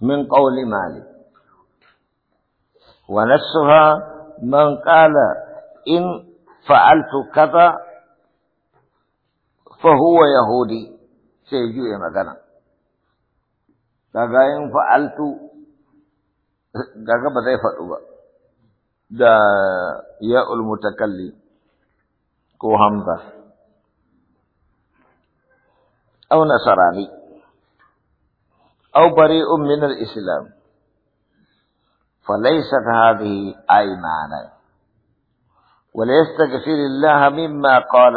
من قول مالك ونفسها من قال إن فعلت كذا فهو يهودي سيجوء مكانا daga in fa'altu daga ba zai faɗu ba da ya kalli ko hamza au nasarani أو بريء من الإسلام فليست هذه أيمانا وليستغفر الله مما قال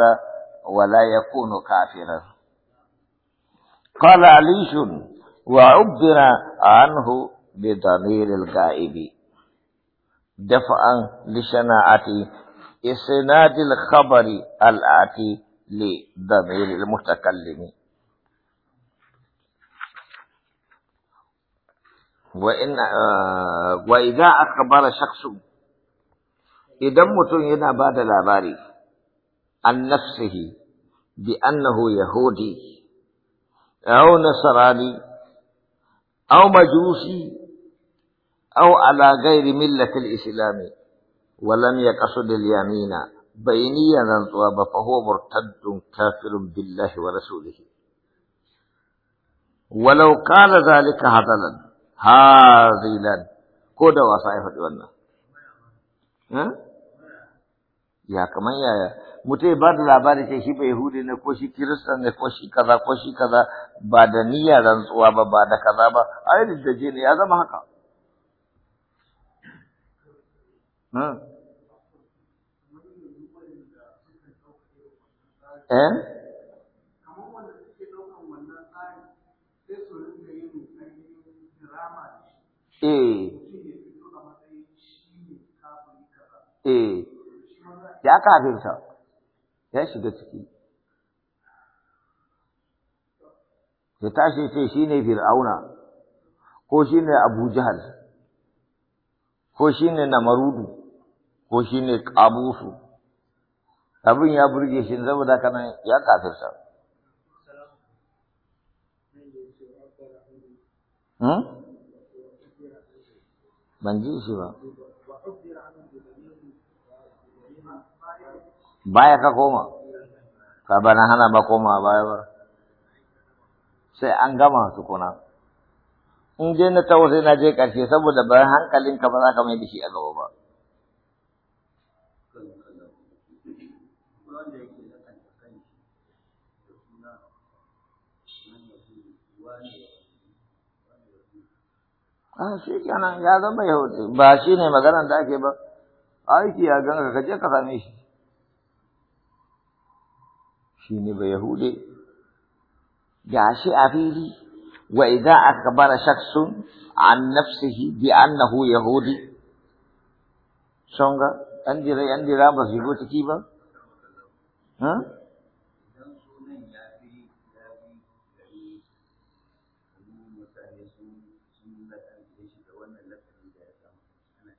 ولا يكون كافرا قال عليش وعبر عنه بضمير الغائب دفعا لشناعة إسناد الخبر الآتي لضمير المتكلم وإن آه، وإذا أخبر شخص إذا مت هنا بعد العباري عن نفسه بأنه يهودي أو نصراني أو مجوسي أو على غير ملة الإسلام ولم يقصد اليمين بيني ننطوب فهو مرتد كافر بالله ورسوله ولو قال ذلك هضلاً hazilan ko da wasa ya faɗi wannan ya kamar yaya mutai ba da labari ce shi bai hudu ne ko shi kirista ne ko shi kaza ko shi kaza ba da niyya rantsuwa ba ba da kaza ba ai da ne ya zama haka eh eh eh ya kafirta ya shiga ciki ya tashi ce shi ne fir'auna ko shi ne abu jihar ko shi ne namarudu ko shi ne ƙabusu abin ya burge shi zama da kanan ya kafirta Hmm? ban ji shi ba baya ka koma ka bana hana ba koma baya ba sai an gama kuna in je na tawo sai na je ƙarshe saboda bayan hankalin ka ba za ka mai da shi a gaba ba Thank you. a ah, shi kenan ya zama yahudi ba shi ne maganar da ake ba aiki ya ganka ka je ka same shi shi ne ba Yahude? ga shi a fili wa idza akbara shakhsun an nafsihi bi annahu yahudi shonga an dira an dira ba su ciki ba ha mutane sun sun shi da wannan lakabi da ya samu ana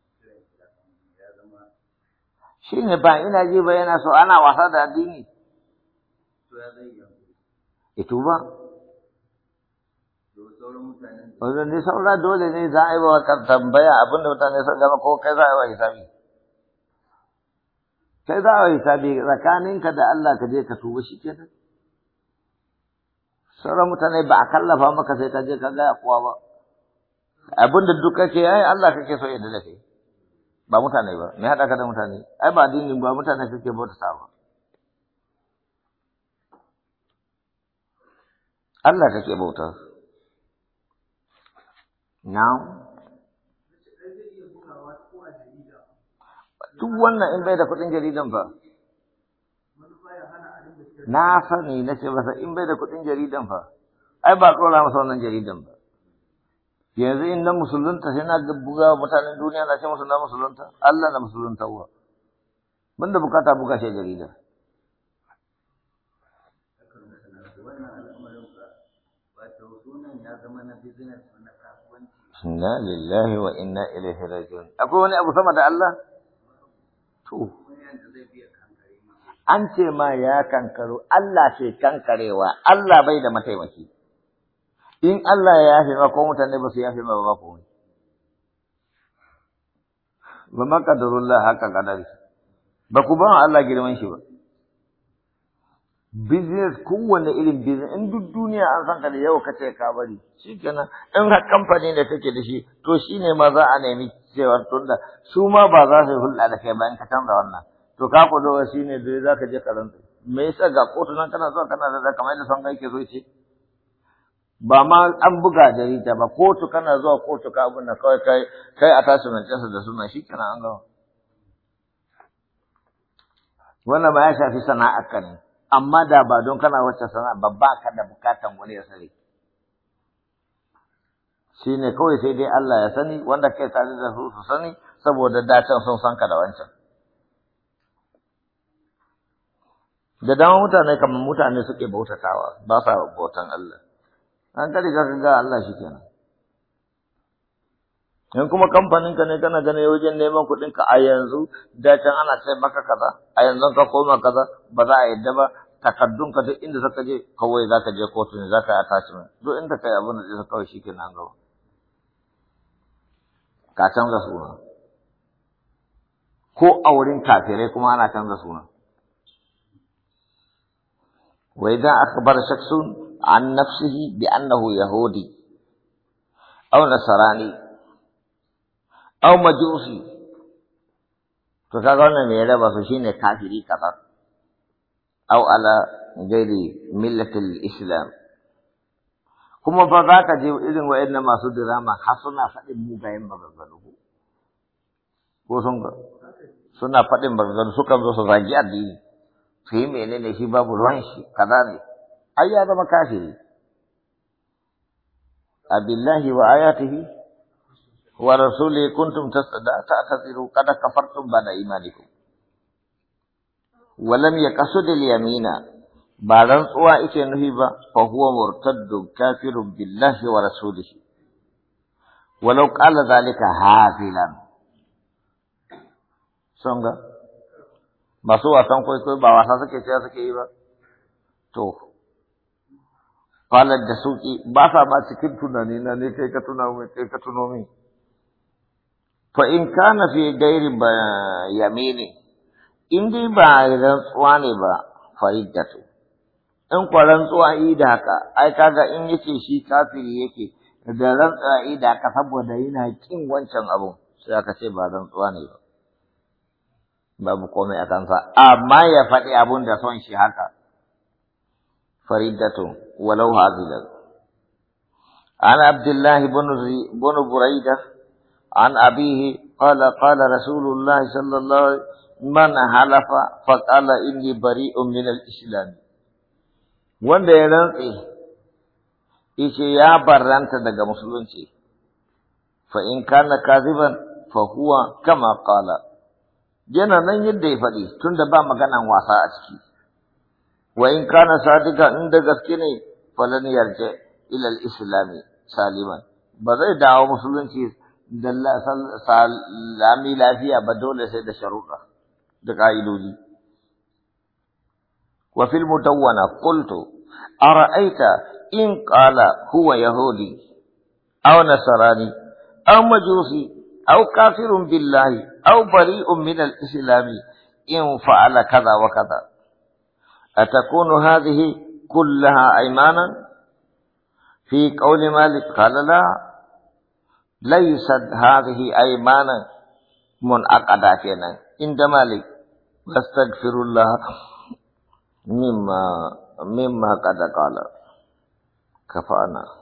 shi ya zama shi ne ba ina ji ba yana so ana wasa da addini to ya zai yi Wanda ne saura dole ne za a yi wa tambaya abinda mutane sun gama ko kai za a yi wa hisabi. Kai za a yi hisabi tsakaninka da Allah ka je ka tuba shi kenan. sauran mutane ba a kallafa maka sai ka je ka gaya kowa ba abin da duk kake ai Allah kake so yadda nake ba mutane ba me haɗa ka da mutane ai ba addinin ba mutane kake bauta sa ba Allah kake bauta now duk wannan in bai da kuɗin jaridan ba na sani na ce masa in bai da kuɗin jaridan fa ai ba tsora masa wannan jaridan ba yanzu in na musulunta sai na buga mutanen duniya na ce musu na musulunta Allah na musulunta uwa mun da bukata buga shi jarida Inna lillahi wa inna ilaihi raji'un. Akwai wani abu sama da Allah? To, an ce ma ya kankaro Allah ke kankarewa Allah bai da mataimaki in Allah ya yafe ma ko mutane ba su yafe ma ba komai ba ma kadarullah haka kadari ba ku ba Allah girman shi ba business kowane irin business in duk duniya an san ka da yau ka ce ka bari shikenan in ka kamfani da take da shi to shine ma za a nemi cewa tunda su ma ba za su hulɗa da kai ba in ka canza wannan to ka ku zo shi ne da za ka je karanta me yasa ga kotu nan kana zuwa kana da kamar yadda son kai ke so ce ba ma an buga jarida ba kotu kana zuwa kotu ka abin da kawai kai kai a tashi jasa da suna shi kana an gawa wannan ba ya shafi sana'a ka ne amma da ba don kana wacce sana'a ba ba ka da bukatan wani ya sani shi ne kawai sai dai Allah ya sani wanda kai ta da su su sani saboda can sun san ka da wancan da dama mutane kamar mutane suke bautatawa ba sa bautan Allah an kare riga ka ga Allah shi kenan in kuma kamfanin ka ne kana ganin wajen neman kuɗin ka a yanzu da can ana sai maka kaza a yanzu ka koma kaza ba za a yadda ba takaddun ka duk inda zaka je kawai zaka je kotu ne zaka yi attachment duk inda kai abin da zai kawai shi kenan gaba ka canza suna ko a wurin kafirai kuma ana canza suna وإذا أخبر شخص عن نفسه بأنه يهودي أو نصراني أو مجوسي أن من يرى بفشين كافري كفر أو على غير ملة الإسلام كما فذاك جيو إذن وإنما صدر ما حصنا فإن مبين مبذله وصنق سنة فإن مبذله سكرا وصنق رجع دينه su yi menene shi babu ruwan shi kaza ne ai ya zama kafiri abillahi wa ayatihi wa rasuli kuntum tasiru kada kafartum ba'da imanikum wa lam yaqsud al-yamina ba rantsuwa ike nufi ba fa huwa murtaddu kafiru, billahi wa rasulihi walau qala zalika hafilan songa masu wasan kwaikwayo ba wasa suke cewa suke yi ba to falar da suki ba sa ba cikin tunani na ne kai ka tuna mai kai ka tuno min fa in na fi gairi ba yamini in dai ba rantsuwa ne ba fariddatu in kwa rantsuwa yi da haka ai kaga in yake shi kafiri yake da rantsuwa yi da haka saboda yana kin wancan abun sai aka ce ba rantsuwa ne ba babu komai a kansa amma ya faɗi abun da son shi haka faridatu walau hazilar عن عبد الله بن بن بريدة عن Qala, قال قال رسول الله صلى الله عليه وسلم من حلف فقال wanda ya rantse yace ya barranta daga musulunci fa in kana kaziban fa huwa kama qala yana nan yadda ya faɗi tun da ba maganan wasa a ciki wa in kana sadika in da gaske ne falan yarje ilal islami saliman ba zai dawo musulunci da salami lafiya ba dole sai da sharuɗa da ƙa'idoji wa fil mutawwana qultu ara'aita in qala huwa yahudi aw nasarani aw majusi أو كافر بالله أو بريء من الإسلام إن فعل كذا وكذا أتكون هذه كلها أيمانا في قول مالك قال لا ليست هذه أيمانا منعقدة كنا عند مالك واستغفر الله مما مما قد قال كفانا